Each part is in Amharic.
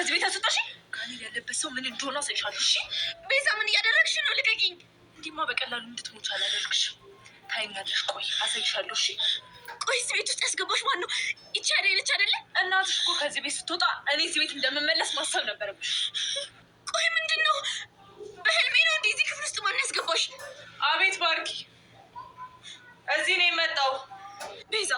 ከዚህ ቤት አስወጣሽ። ጋኔል ያለበት ሰው ምን እንደሆነ አሳይሻለሁ። እሺ ቤዛ፣ ምን እያደረግሽ ነው? ልቀቂኝ። እንዲማ በቀላሉ እንድትሞች አላደርግሽ። ታይኛለሽ። ቆይ አሳይሻለሁ። እሺ ቆይ፣ እዚህ ቤት ውስጥ ያስገባሽ ማን ነው? ይቺ አይደለች አይደለ? እናትሽ እኮ ከዚህ ቤት ስትወጣ እኔ እዚህ ቤት እንደምመለስ ማሰብ ነበረብሽ። ቆይ ምንድን ነው? በህልሜ ነው እንደዚህ ክፍል ውስጥ ማን ያስገባሽ? አቤት ባርኪ፣ እዚህ ነው የመጣው። ቤዛ፣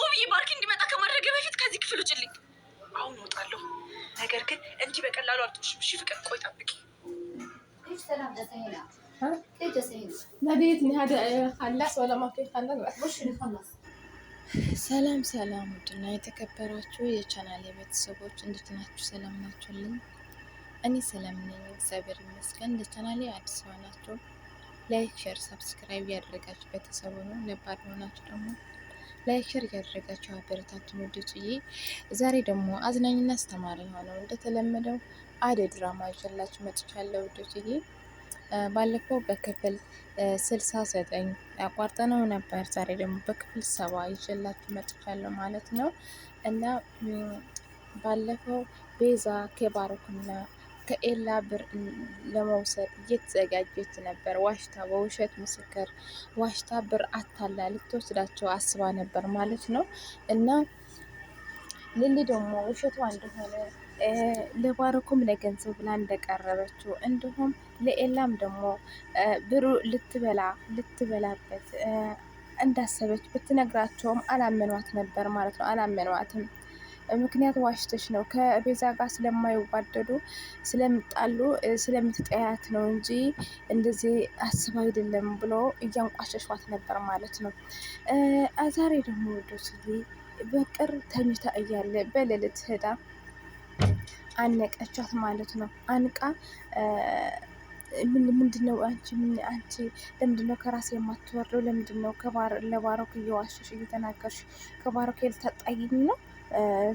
ውብዬ ባርኪ እንዲመጣ ከማድረግ በፊት ከዚህ ክፍል ውጭልኝ። ነገር ግን እንዲህ በቀላሉ አልቶሽም። እሺ ፍቅር ቆይ ጠብቂ። ሰላም ሰላም፣ ውድና የተከበራችሁ የቻናል የቤተሰቦች እንዴት ናችሁ? ሰላም ናችሁልኝ? እኔ ሰላም ነኝ፣ እግዚአብሔር ይመስገን። ለቻናሌ አዲስ ሆናችሁ ላይክ፣ ሼር፣ ሰብስክራይብ ያደረጋችሁ ቤተሰቡ ነው። ነባር ሆናችሁ ደግሞ ላይክ ሼር እያደረጋችሁ አበረታቱን ውዶችዬ። ዛሬ ደግሞ አዝናኝና አስተማሪ የሆነው እንደተለመደው አደይ ድራማ ይዤላችሁ መጥቻለሁ ውዶችዬ። ባለፈው በክፍል ስልሳ ዘጠኝ አቋርጠነው ነበር። ዛሬ ደግሞ በክፍል ሰባ ይዤላችሁ መጥቻለሁ ማለት ነው እና ባለፈው ቤዛ ከባሮክና ከኤላ ብር ለመውሰድ እየተዘጋጀች ነበር። ዋሽታ በውሸት ምስክር ዋሽታ ብር አታላ ልትወስዳቸው አስባ ነበር ማለት ነው። እና ልል ደግሞ ውሸቷ እንደሆነ ለባረኩም ለገንዘብ ብላ እንደቀረበችው እንዲሁም ለኤላም ደግሞ ብሩ ልትበላ ልትበላበት እንዳሰበች ብትነግራቸውም አላመኗት ነበር ማለት ነው። አላመኗትም። ምክንያት ዋሽተች ነው ከቤዛ ጋር ስለማይዋደዱ ስለሚጣሉ ስለምትጠያት ነው እንጂ እንደዚህ አስብ አይደለም ብሎ እያንቋሸሿት ነበር ማለት ነው። ዛሬ ደግሞ ወዶስዬ በቅር ተኝታ እያለ በሌሊት ሄዳ አነቀቻት ማለት ነው። አንቃ ምንድነው አንቺ ምን አንቺ ለምንድን ከራሴ የማትወርደው? ለምንድን ለባሮክ እየዋሸሽ እየተናገርሽ ከባሮክ የልታጣይኝ ነው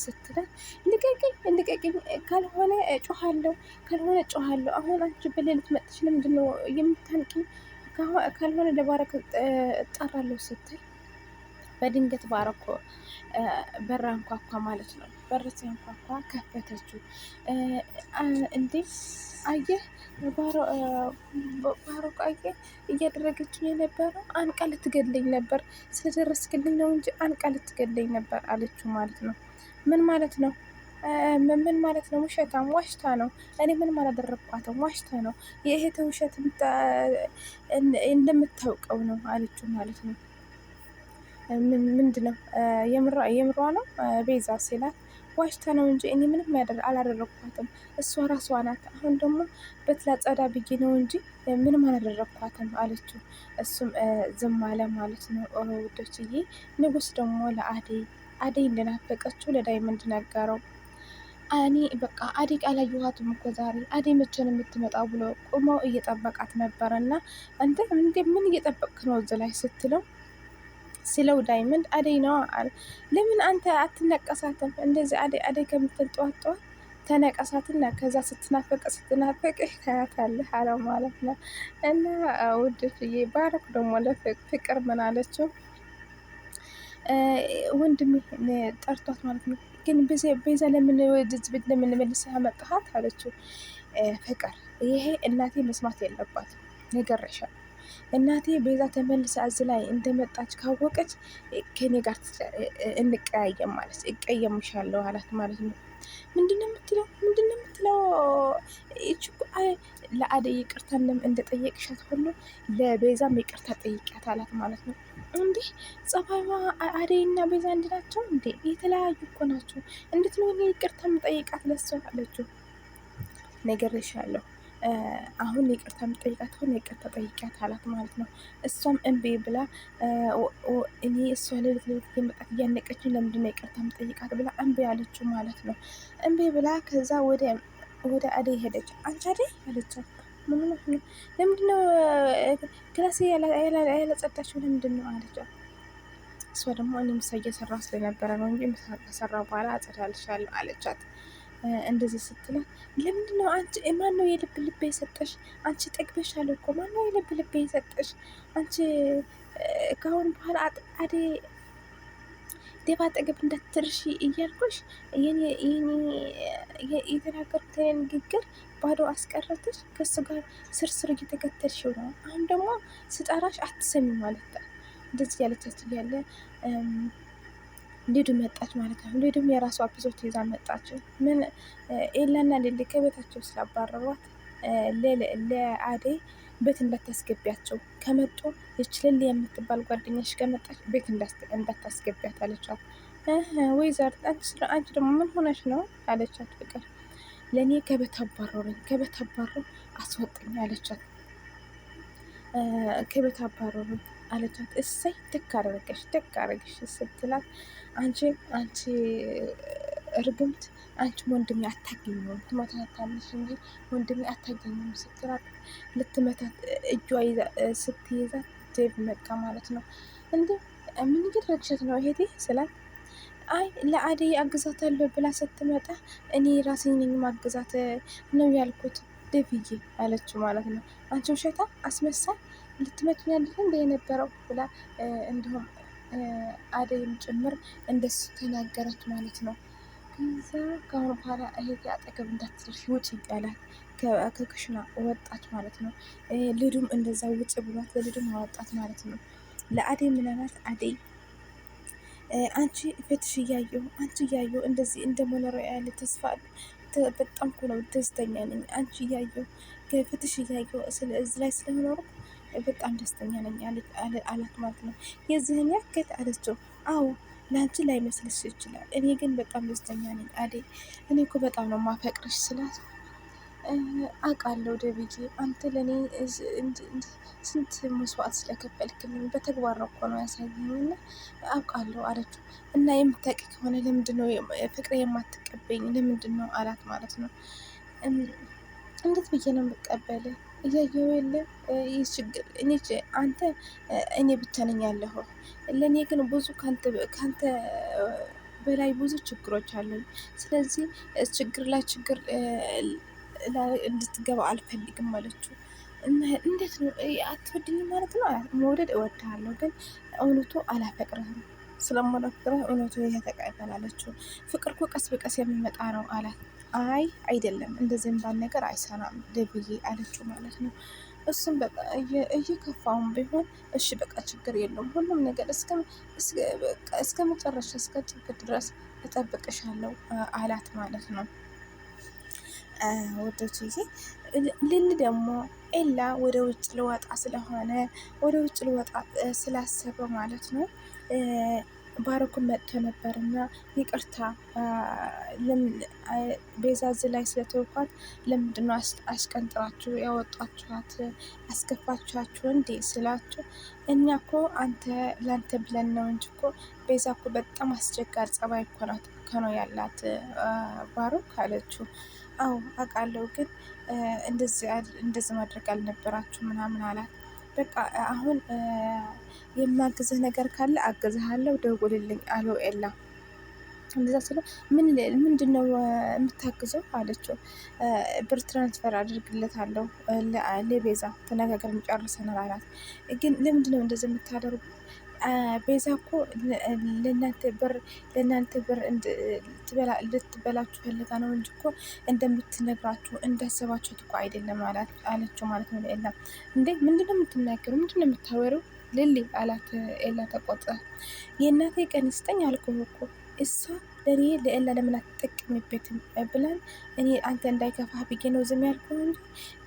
ስትለን ልቀቅኝ ልቀቅኝ፣ ካልሆነ እጮሃለሁ፣ ካልሆነ እጮሃለሁ። አሁን አንቺ በሌሊት መጥተሽ ለምንድን ነው የምታንቂኝ? ካልሆነ ለባረክ ጠራለሁ ስትል በድንገት ባረኮ በር አንኳኳ ማለት ነው። በር ሲያንኳኳ ከፈተችው። እንዴ አየህ ባሮክ አየህ እያደረገችው የነበረው አንቃ ልትገለኝ ነበር፣ ስለደረስክልኝ ነው እንጂ አንቃ ልትገለኝ ነበር አለችው ማለት ነው። ምን ማለት ነው? ምን ማለት ነው? ውሸታም ዋሽታ ነው። እኔ ምንም አላደረግኳትም፣ ዋሽታ ነው። የእህት ውሸት እንደምታውቀው ነው አለችው ማለት ነው። ምንድን ነው የምሯ ነው ቤዛ ሲላት ዋሽታ ነው እንጂ እኔ ምንም አላደረግኳትም፣ እሷ ራሷ ናት። አሁን ደግሞ በትላ ጸዳ ብዬ ነው እንጂ ምንም አላደረግኳትም አለችው። እሱም ዝም አለ ማለት ነው። ውዶችዬ ንጉስ ደግሞ ለአደይ አደይ እንደናፈቀችው ለዳይመንድ ነገረው። እኔ በቃ አደይ አላየኋትም እኮ ዛሬ አደይ መቼ ነው የምትመጣው ብሎ ቁመው እየጠበቃት ነበረና፣ እንደ ምን እየጠበቅክ ነው እዚህ ላይ ስትለው ስለው ዳይመንድ አደይ ነዋ አለ። ለምን አንተ አትነቀሳትም? እንደዚህ አደይ አደይ ከምትንጠዋጠዋ ተነቀሳትና ከዛ ስትናፈቅ ስትናፈቅ ታያታለህ አለው ማለት ነው። እና ውድዬ ባረክ ደግሞ ለፍቅር ምን አለችው? ወንድሜ ጠርቷት ማለት ነው። ግን ቤዛ ለምን ለምን መልስ መጣሃት አለችው። ፍቅር ይሄ እናቴ መስማት የለባትም ነገረሻል እናቴ ቤዛ ተመልሰ እዚ ላይ እንደመጣች ካወቀች ከኔ ጋር እንቀያየም ማለት እቀየምሻለሁ አላት ማለት ነው። ምንድን ነው የምትለው? ምንድን ነው የምትለው? ይች ለአደይ ይቅርታ እንደጠየቅሻት ሁሉ ለቤዛም ይቅርታ ጠይቂያት አላት ማለት ነው። እንዲህ ጸባይዋ አደይና ቤዛ እንድናቸው እንዴ የተለያዩ እኮ ናቸው። እንዴት ነው ይቅርታ የምጠይቃት ለሷ አለችው። ይሻለሁ አሁን ይቅርታ የምጠይቃት ሆነ ይቅርታ ጠይቂያት አላት ማለት ነው። እሷም እምቢ ብላ እኔ እሷ ሌሊት ሌሊት የመጣት እያነቀችኝ ለምንድን ነው ይቅርታ የምጠይቃት ብላ እምቢ አለችው ማለት ነው። እምቢ ብላ ከዛ ወደ ወደ አደይ ሄደች። አንቺ አደይ አለቻት። ምን ነው ለምንድነው ክላሴ ያላጸዳችው ለምንድን ነው አለቻት። እሷ ደግሞ እኔ ምሳ እየሰራ ስለነበረ ነው እንጂ ምሳ ከሰራ በኋላ አጸዳልሻለሁ አለቻት። እንደዚህ ስትላት ነው አንቺ ማን ነው የልብ ልብ የሰጠሽ? አንቺ ጠግበሻል እኮ ማን ነው የልብ ልብ የሰጠሽ? አንቺ ከአሁን በኋላ አዴ ዴባ አጠገብ እንዳትደርሺ እያልኩሽ የተናገርኩት ንግግር ባዶ አስቀረትሽ። ከሱ ጋር ስርስር እየተከተልሽው ነው። አሁን ደግሞ ስጠራሽ አትሰሚ ማለት እንደዚህ ያለቻት እያለ ሊዱ መጣች ማለት ነው። ሊዱም የራሷ ብዞት ይዛ መጣች። ምን ኤላና ሌሊ ከቤታቸው ስላባረሯት ለአደይ ቤት እንዳታስገቢያቸው ከመጡ ይች ሌሊ የምትባል ጓደኛሽ ከመጣች ቤት እንዳታስገቢያት አለቻት። ወይዘር አንቺ ደግሞ ምን ሆነሽ ነው አለቻት ፍቅር። ለእኔ ከቤት አባረሩኝ፣ ከቤት አባረሩ አስወጥኝ አለቻት። ከቤት አባረሩኝ አለቻት። እሰይ ትክ አደረገሽ ትክ አደረገሽ ስትላት አንቺ አንቺ እርግምት አንቺ ወንድሜ አታገኘውም ትመታታለች እንጂ ወንድሜ አታገኘውም ስትላት ልትመታት እጇ ስትይዛት ዴቭ መጣ ማለት ነው። እንዴ ምን እየደረግሻት ነው ይሄዴ ስላት አይ ለአደይ አግዛታለሁ ብላ ስትመጣ እኔ ራሴ ነኝ ማግዛት ነው ያልኩት ደብዬ አለችው ማለት ነው። አንቺ ውሸታ አስመሳይ ልትመቱኛለህ እንደ የነበረው ብላ እንዲሁም አደይም ጭምር እንደሱ ተናገረች ማለት ነው። ከዛ ከአሁኑ በኋላ እህቴ አጠገብ እንዳትደርሽ ውጭ ይባላል። ከክሽና ወጣች ማለት ነው። ልዱም እንደዛ ውጭ ብሏት ለልዱም አወጣት ማለት ነው። ለአደይ ምናልባት አደይ አንቺ ፍትሽ እያየሁ አንቺ እያየሁ እንደዚህ እንደ መኖሪያ ያለ ተስፋ በጣም እኮ ነው ደስተኛ ነኝ። አንቺ እያየሁ ፍትሽ እያየሁ ስለዚህ ላይ ስለመኖሩ በጣም ደስተኛ ነኝ አላት ማለት ነው። የዚህን ያክል አለችው። አዎ ለአንቺ ላይመስልሽ ይችላል፣ እኔ ግን በጣም ደስተኛ ነኝ አዴ፣ እኔ እኮ በጣም ነው ማፈቅርሽ ስላት አውቃለሁ ደብዬ፣ አንተ ለእኔ ስንት መስዋዕት ስለከፈልክልኝ በተግባር እኮ ነው ያሳየኝና አውቃለሁ አለችው። እና የምታውቂ ከሆነ ለምንድነው ፍቅሬ የማትቀበኝ? ለምንድን ነው አላት ማለት ነው። እንዴት ብዬ ነው የምቀበልህ እያየው የለ ይህ ችግር እኔ አንተ እኔ ብቻ ነኝ ያለሁ። ለእኔ ግን ብዙ ከአንተ በላይ ብዙ ችግሮች አሉኝ። ስለዚህ ችግር ላይ ችግር እንድትገባ አልፈልግም አለችው። እንዴት ነው አትወድኝ ማለት ነው? መውደድ እወድሃለሁ፣ ግን እውነቱ አላፈቅርህም ስለማላፈቅርህ እውነቱ ይሄ ተቀበላለችው። ፍቅር እኮ ቀስ በቀስ የሚመጣ ነው አላት። አይ አይደለም እንደዚህ ባል ነገር አይሰራም ደብዬ አለችው ማለት ነው። እሱም በቃ እየከፋውን ቢሆን እሺ በቃ ችግር የለውም ሁሉም ነገር እስከ መጨረሻ እስከ ጭግር ድረስ እጠብቅሻለሁ አላት ማለት ነው። ወደች ጊዜ ልል ደግሞ ኤላ ወደ ውጭ ልወጣ ስለሆነ ወደ ውጭ ልወጣ ስላሰበ ማለት ነው ባረኩን መጥቶ ነበር እና ይቅርታ ቤዛ እዚህ ላይ ስለተውኳት ለምንድነው አስቀንጥራችሁ ያወጣችኋት? አስከፋችኋችሁ እንዴ ስላችሁ እኛ ኮ አንተ ለአንተ ብለን ነው እንጂ ኮ ቤዛ ኮ በጣም አስቸጋሪ ጸባይ እኮ ናት ከነው ያላት ባሮክ አለችው። አዎ አውቃለሁ፣ ግን እንደዚህ ማድረግ አልነበራችሁ ምናምን አላት። በቃ አሁን የማግዝህ ነገር ካለ አግዝሃለሁ፣ ደውልልኝ አለው ኤላ። እንደዛ ስለ ምን ምንድን ነው የምታግዘው አለችው። ብር ትራንስፈር አድርግለታለሁ ለቤዛ ተነጋገር እንጨርሰናል አላት። ግን ለምንድን ነው እንደዚህ የምታደርጉ ቤዛ እኮ ለእናንተ ብር ለእናንተ ብር ልትበላችሁ ፈልጋ ነው እንጂ እኮ እንደምትነግራችሁ እንዳሰባችሁት እኮ አይደለም አለችው ማለት ነው። ለኤላ እንዴ ምንድነው የምትናገሩ? ምንድነው የምታወሩ? ልል አላት ኤላ ተቆጣ። የእናቴ ቀን ይስጠኝ አልኩህ እኮ እሷ ለእኔ ለእላ ለምን አትጠቀምበትም ብለን እኔ አንተ እንዳይከፋህ ብዬ ነው ዝም ያልኩህ እንጂ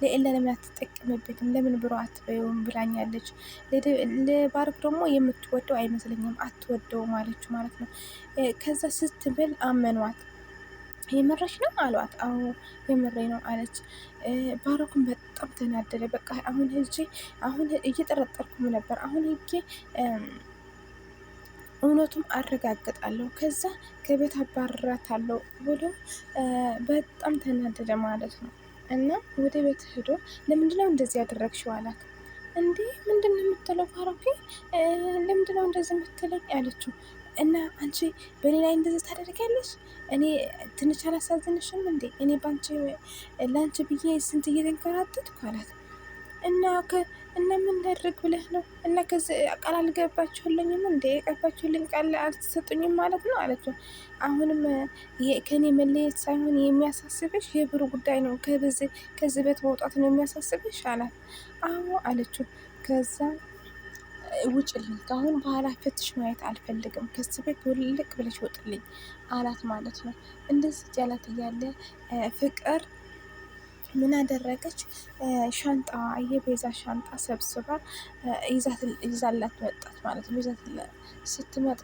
ለእላ ለምን አትጠቀምበትም ለምን ብሮ አትበይውም ብላኛለች። ለባርክ ደግሞ የምትወደው አይመስለኝም አትወደው ማለች ማለት ነው። ከዛ ስትብል አመኗት። የምረሽ ነው አሏት። አዎ የምሬ ነው አለች። ባረኩን በጣም ተናደደ። በቃ አሁን ህጄ አሁን እየጠረጠርኩም ነበር አሁን ህጌ እውነቱም አረጋግጣለሁ ከዛ ከቤት አባርራታለሁ ብሎ በጣም ተናደደ ማለት ነው። እና ወደ ቤት ሄዶ ለምንድነው እንደዚህ ያደረግሽው አላት። እንዴ ምንድን ነው የምትለው ፋሮኬ? ለምንድነው እንደዚህ የምትለኝ አለችው። እና አንቺ በእኔ ላይ እንደዚህ ታደርጊያለሽ? እኔ ትንሽ አላሳዝንሽም እንዴ? እኔ በአንቺ ለአንቺ ብዬ ስንት እየተንከራተትኩ አላት። እና እና ምን ላድርግ ብለህ ነው? እና ከዚህ ቃል አልገባችሁልኝም እንዴ? የገባችሁልኝ ቃል አልተሰጡኝም ማለት ነው አለችው። አሁንም ከኔ መለየት ሳይሆን የሚያሳስብሽ የብሩ ጉዳይ ነው፣ ከዚህ ቤት መውጣት ነው የሚያሳስብሽ አላት። አዎ አለችው። ከዛ ውጭልኝ፣ ከአሁን በኋላ ፈትሽ ማየት አልፈልግም፣ ከዚህ ቤት ውልቅ ብለሽ ውጥልኝ አላት ማለት ነው። እንደዚህ እያላት እያለ ፍቅር ምን አደረገች? ሻንጣ የቤዛ ሻንጣ ሰብስባ ይዛላት መጣት ማለት ነው። ይዛት ስትመጣ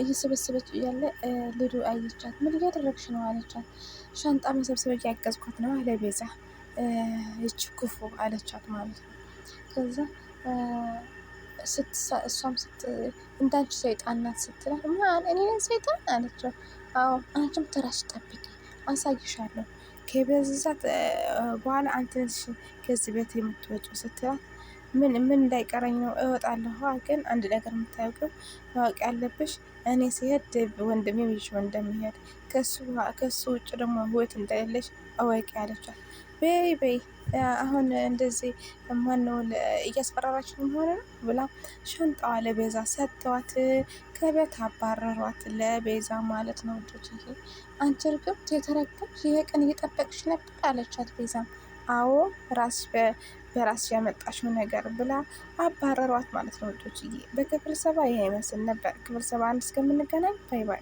እየሰበሰበች እያለ ልዱ አየቻት። ምን እያደረግሽ ነው አለቻት። ሻንጣ መሰብሰብ እያገዝኳት ነው አለ ቤዛ። ይች ክፉ አለቻት ማለት ነው። ከዛ እሷም እንዳንቺ ሰይጣን ናት ስትላት፣ እኔ ሰይጣን አለችው። አዎ አንቺም ተራሽ ጠብቂ አሳይሻለሁ ከበዛት በኋላ አንተንሽ ከዚህ ቤት የምትወጪ ስትላት ምን ምን እንዳይቀረኝ ነው እወጣለሁ። ግን አንድ ነገር የምታውቂው ማወቅ ያለብሽ እኔ ሲሄድ ወንድሜ ይዤው እንደሚሄድ ከሱ ውጭ ደግሞ ህይወት እንደሌለሽ እወቂ አለቻት። በይ በይ አሁን እንደዚህ ማነውን እያስፈራራችን መሆን ነው ብላ ሻንጣዋ ለቤዛ ሰጥተዋት ከቤት አባረሯት። ለቤዛ ማለት ነው። ውዶች ይሄ አንቺ እርግብት የተረገምሽ ይሄ ቀን እየጠበቅሽ ነበር አለቻት ቤዛ። አዎ ራስ በራስ ያመጣሽው ነገር ብላ አባረሯት ማለት ነው። ውዶች ይሄ በክፍል ሰባ ይሄ ይመስል ነበር። ክፍል ሰባ አንድ እስከምንገናኝ ባይ ባይ።